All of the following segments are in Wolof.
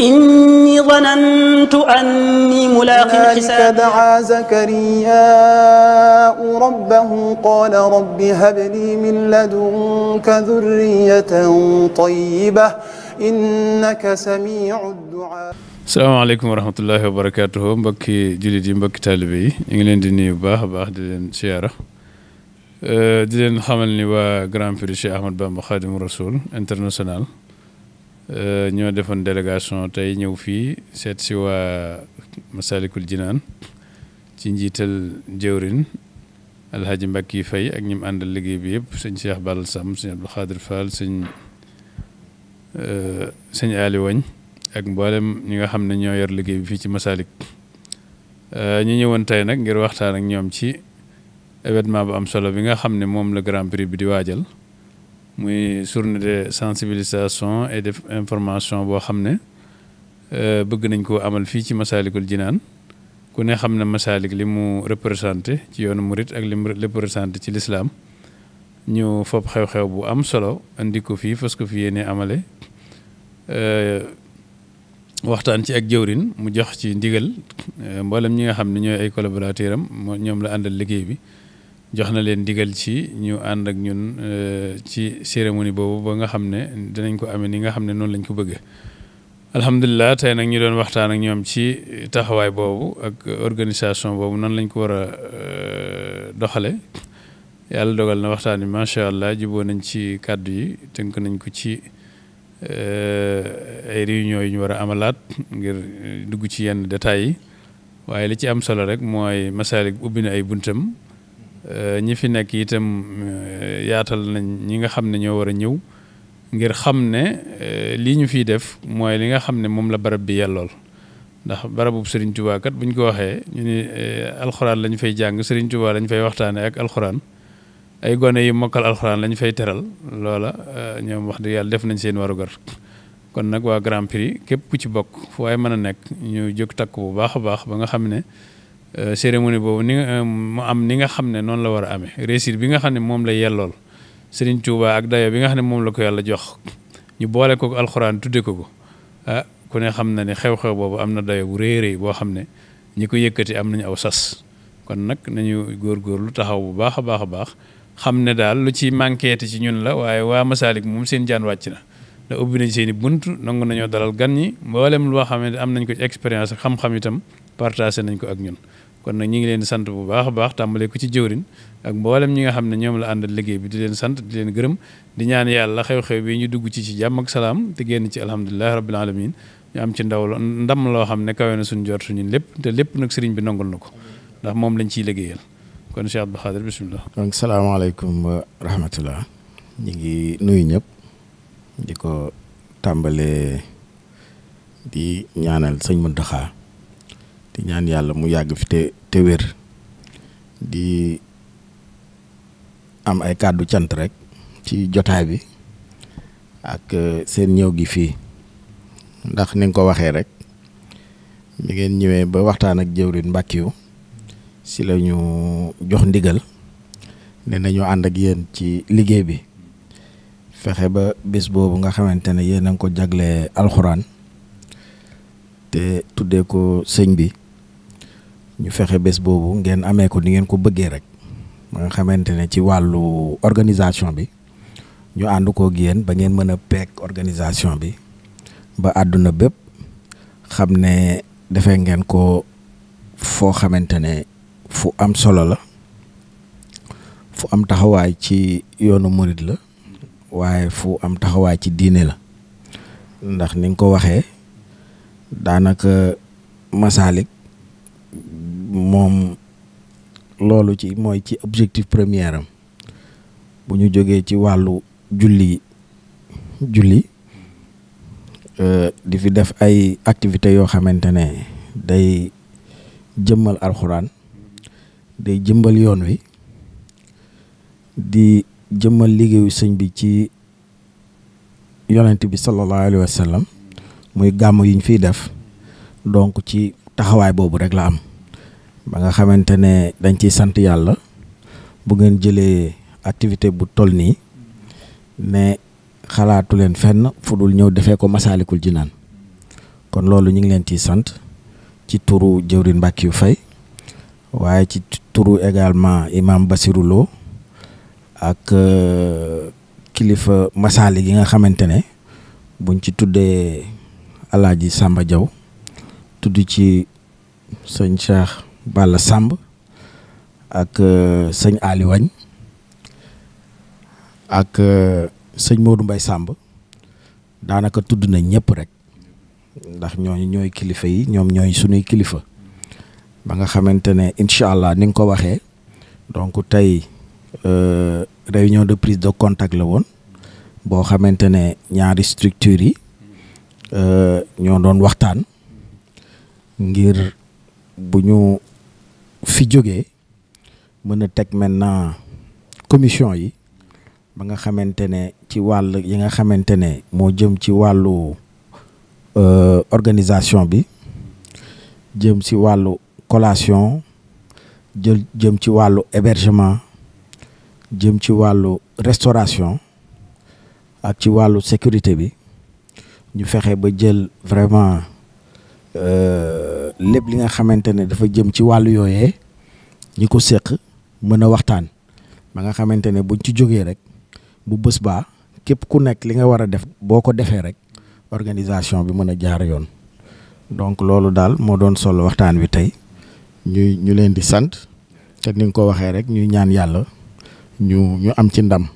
إني ظننت أني ملاق حسابي دعا زكرياء ربه قال رب هب لي من لدنك ذرية طيبة إنك سميع الدعاء السلام عليكم ورحمة الله وبركاته بك جديد بك تالبي إنجلين ديني باه باه ديني سيارة أه، دين حملني وغران فريشي أحمد بن خادم الرسول انترناسيونال Euh, ñoo defoon délégation tey ñëw fii seet si waa Masalikul Jinaan ci njiital jëwrin alhaaji Mbàkki Fay ak ñi mu àndal liggéey bi yëpp sëñ Cheikh Ball Sam sëñ Abdou Khadir Fall sëñ euh, sëñ Ali Wañ ak mboolem ñi nga xam ne ñoo yor liggéey bi fii ci Masalik euh, ñu ñëwoon tey nag ngir waxtaan ak ñoom ci événement bu am solo bi nga xam ne moom la Grand Prix bi di waajal muy journée de sensibilisation et de information boo xam ne bëgg nañ koo amal fii ci Masaalikul Jinaan ku ne xam na Masaalik li mu représenté ci yoonu murit ak li mu représenté ci lislaam ñu fopp xew-xew bu am solo andi ko fii fas ko fi yéene amale waxtaan ci ak jëwrin mu jox ci ndigal mboolem ñi nga xam ne ñooy ay collaborateur am ñoom la àndal liggéey bi jox na leen digal ci ñu ànd ak ñun euh, ci cérémonie boobu ba nga xam ne dinañ ko amee ni nga xam ne noonu lañ ko bëgg alhamdulilah tey nag ñu doon waxtaan ak ñoom ci taxawaay boobu ak organisation boobu nan lañ ko war a euh, doxale yàlla dogal na waxtaan wi macha allah juboo nañ ci kàddu yi tënk nañ ko ci euh, ay réunion yu ñu war a amalaat ngir dugg ci yenn détails yi waaye li ci am solo rek mooy Masalik ubbi na ay buntam Euh, ñi fi nekk itam euh, yaatal nañ ñi nga xam ne ñoo war a ñëw ngir xam ne euh, lii ñu fiy def mooy li nga xam ne moom la barab bi yellool ndax barabu Serigne Touba kat bu ñu ko waxee ñu ni alxuraan lañ fay jàng Serigne Touba lañ fay waxtaanee ak alxuraan ay gone yi mokkal alxuraan lañ fay teral loola ñoom wax dëgg yàlla def nañ seen warugar kon nag waa Grand Prix képp ku ci bokk fu waaye mën a nekk ñu jóg takk bu baax a baax ba nga xam ne. Euh, cérémonie boobu ni euh, mu am ni nga xam ne noonu la war a amee réussite bi nga xam ne moom la yellool Serigne Touba ak dayo bi nga xam ne moom la ko yàlla jox ñu boole ko alxuraan tudde ko ko ah ku ne xam na ne xew-xew boobu am na dayo bu rëy rëy boo xam ne ñi ko yëkkati am nañu aw sas kon nag nañu góor góor lu taxaw bu baax a baax a baax xam ne daal lu ci manquéte ci ñun la waaye waa Masaalik moom seen jaan wàcc na da ubbi nañ seen bunt nongu nañoo dalal gan ñi mboolem loo xam am nañ ko expérience xam itam partagé nañ ko ak ñun kon nag ñu ngi leen di sant bu baax a baax tàmbalee ko ci jëwrin ak mboolem ñi nga xam ne ñoom la àndal liggéey bi di leen sant di leen gërëm di ñaan yàlla xew-xew bi ñu dugg ci ci jàmm ak salaam te génn ci alhamdulilahi rabbil alamin ñu am ci ndaw ndam loo xam ne kawe na suñu jot suñu lépp te lépp nag sëriñ bi nangul na ko ndax moom lañ ciy liggéeyal kon Cheikh Abdou Khadir bisimilah. donc salaamaaleykum wa rahmatullah ñu ngi nuyu ñëpp di ko tàmbalee di ñaanal sëñ Muntaxa di ñaan yàlla mu yàgg fi te te wér di am ay kàddu cant rek ci jotaay bi ak euh, seen ñëw gi fii ndax ni ko waxee rek mi ngeen ñëwee ba waxtaan ak jëwrin Mbackiou si lañu jox ndigal ne nañoo ànd ak yéen ci liggéey bi fexe ba bés boobu nga xamante ne yéen a ngi ko jagle alxuraan te tuddee ko sëñ bi ñu fexé bes bobu ngeen amé ko ni ngeen ko bëggé rek ma nga xamante ne ci walu organisation bi ñu and ko yéen ba ngeen mëna pek organisation bi ba aduna bëpp xamné ne ngeen ko fo xamante fu am solo la fu am taxaway ci yoonu mourid la waye fu am taxaway ci diiné la ndax ni nga ko waxé masalik. masalik moom loolu ci mooy ci objectif première am bu ñu jógee ci wàllu julli julli euh, di fi def ay activité yoo xamante ne day jëmmal alxuraan day jëmbal yoon wi di jëmmal liggéeyu sëñ bi ci yonent bi sallallahu alayhi wa muy gàmm yi ñu fiy def donc ci taxawaay boobu rek la am ba nga xamante ne dañ ciy sant yàlla bu ngeen jëlee activité bu toll nii mais xalaatu leen fenn fu dul ñëw defee ko masaalikul naan kon loolu ñu ngi leen ci sant ci turu jëwrin Mbackiou Faye waaye ci turu également imaam Basirou Lo ak euh, kilifa masaali yi nga xamante ne buñ ci tuddee alaaji Samba jaw tudd ci sëñ Cheikh Balla Samb ak euh, sëñ Ali Wagne ak euh, sëñ Modou Mbaye Samb danaka tudd na ñepp rek ndax ñoy ñoy kilifa yi ñom ñoy suñu kilifa ba nga xamantene inshallah allah ni nga ko waxe donc euh réunion de prise de contact la won bo xamantene ñaari structure yi euh, ñoo doon waxtaan ngir bu fi jógee tek maintenant commission yi ba nga xamante ne ci wàll yi nga ne jëm ci euh organisation bi jëm ci walu collation jël jëm ci walu hébergement jëm ci walu restauration ak ci walu sécurité bi ñu fexé ba jël vraiment. Euh, lepp li nga xamantene dafa jëm ci walu yoyé ñiko sekk mëna waxtaan ba nga xamantene buñ ci joggé rek bu bëss ba képp ku nekk li nga wara def boko défé rek organisation bi mëna jaar yoon donc lolu dal, mo doon solo waxtaan bi tay ñuy ñu leen di sante té ni nga ko waxé rek ñuy ñaan Yalla ñu ñu am ci ndam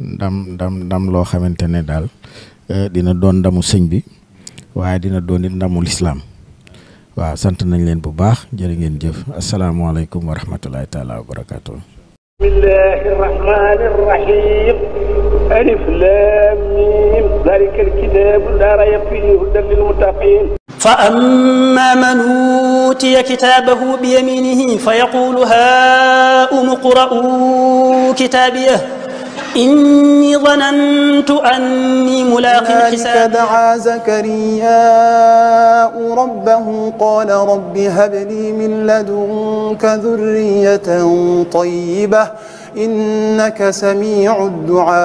ndam ndam ndam lo xamantene dal eh, dina doon ndamu señ bi waye dina doon ndamu l'islam waaw sant nañ leen bu baax jërë ngeen jëf asalaamaaleykum wa rahmatulahi taala wa barakaatu. bismillahi rahmani rahim alif lam mim dalika alkitabu la rayba fihi hudan lilmuttaqin فأما من أوتي كتابه بيمينه فيقول هاؤم اقرءوا كتابيه إني ظننت ظننت أني ملاق حسابي دعا زكرياء ربه قال رب هب لي من لدنك ذرية طيبة إنك سميع الدعاء